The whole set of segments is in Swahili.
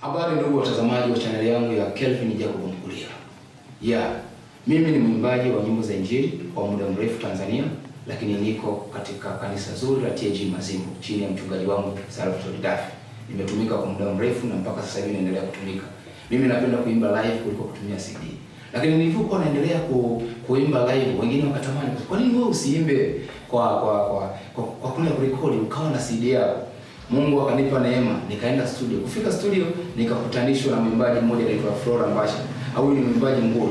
Habari ndugu watazamaji wa chaneli yangu ya Kelvin Jacob Mkulia. Yeah, mimi ni mwimbaji wa nyimbo za injili kwa muda mrefu Tanzania, lakini niko katika kanisa zuri la TAG Mazimbu chini ya mchungaji wangu Salvatore Ridafi. Nimetumika kwa muda mrefu na mpaka sasa hivi naendelea kutumika. Mimi napenda kuimba live kuliko kutumia CD. Lakini nilivyokuwa naendelea ku, kuimba live wengine wakatamani, kwa nini wewe usiimbe kwa kwa kwa, kwa, kwa, kwa kurekodi ukawa na CD yako? Mungu akanipa neema, nikaenda studio. Kufika studio nikakutanishwa na mwimbaji mmoja anaitwa Flora Mbasha, au ni mwimbaji mkuu,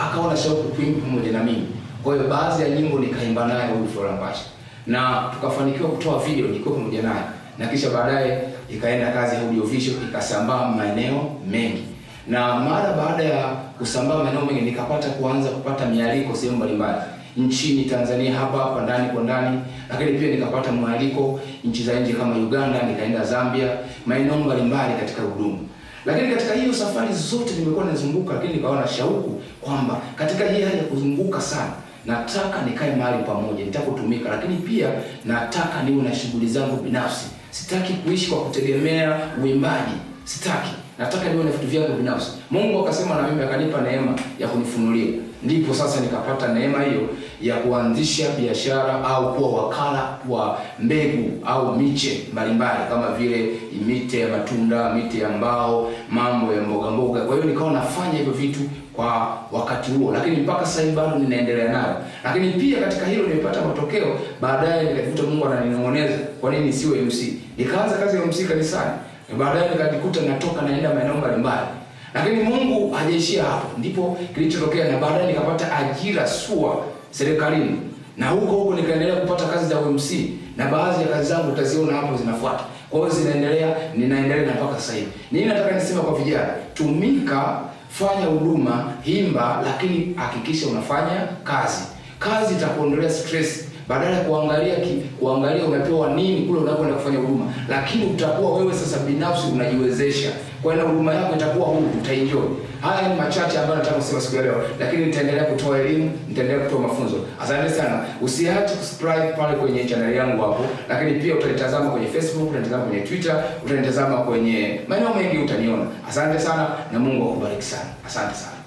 akaona shauku kuimba pamoja na mimi. Kwa hiyo baadhi ya nyimbo nikaimba naye huyu Flora Mbasha, na tukafanikiwa kutoa video, nilikuwa pamoja naye, na kisha baadaye ikaenda kazi ya audiovisual, ikasambaa maeneo mengi na mara baada ya kusambaa maeneo mengi nikapata kuanza kupata mialiko sehemu mbalimbali nchini Tanzania hapa hapa ndani kwa ndani, lakini pia nikapata mwaliko nchi za nje kama Uganda, nikaenda Zambia, maeneo mbalimbali katika huduma. Lakini katika hiyo safari zote nimekuwa nazunguka, lakini nikaona shauku kwamba katika hii hali ya kuzunguka sana nataka nikae mahali pamoja, nitakotumika, lakini pia nataka niwe na shughuli zangu binafsi. Sitaki kuishi kwa kutegemea uimbaji, sitaki nataka niwe na vitu vyangu binafsi. Mungu akasema na mimi akanipa neema ya kunifunulia, ndipo sasa nikapata neema hiyo ya kuanzisha biashara au kuwa wakala wa mbegu au miche mbalimbali kama vile miti ya matunda, miti ya mbao, mambo ya mboga mboga. Kwa hiyo nikawa nafanya hivyo vitu kwa wakati huo, lakini mpaka sasa hivi bado ninaendelea nayo. Lakini pia katika hilo nimepata matokeo baadaye, nikakuta Mungu ananing'oneza, kwa nini siwe MC? Nikaanza kazi ya MC kanisani na baadaye nikajikuta natoka naenda maeneo mbalimbali. Lakini Mungu hajaishia hapo, ndipo kilichotokea, na baadaye nikapata ajira SUA serikalini, na huko huko nikaendelea kupata kazi za umc na baadhi ya kazi zangu utaziona hapo zinafuata. Kwa hiyo zinaendelea, ninaendelea na mpaka sasa hivi. Nini nataka nisema kwa vijana? Tumika, fanya huduma, himba, lakini hakikisha unafanya kazi. Kazi itakuondolea stress badala ya kuangalia kipi, kuangalia unapewa nini kule unakwenda kufanya huduma, lakini utakuwa wewe sasa binafsi unajiwezesha, kwa hiyo huduma yako itakuwa huru, utaenjoy. Haya ni machache ambayo nataka kusema siku ya leo, lakini nitaendelea kutoa elimu, nitaendelea kutoa mafunzo. Asante sana, usiache kusubscribe pale kwenye channel yangu hapo, lakini pia utanitazama kwenye Facebook, utanitazama kwenye Twitter, utanitazama kwenye maeneo mengi, utaniona. Asante sana na Mungu akubariki sana, asante sana.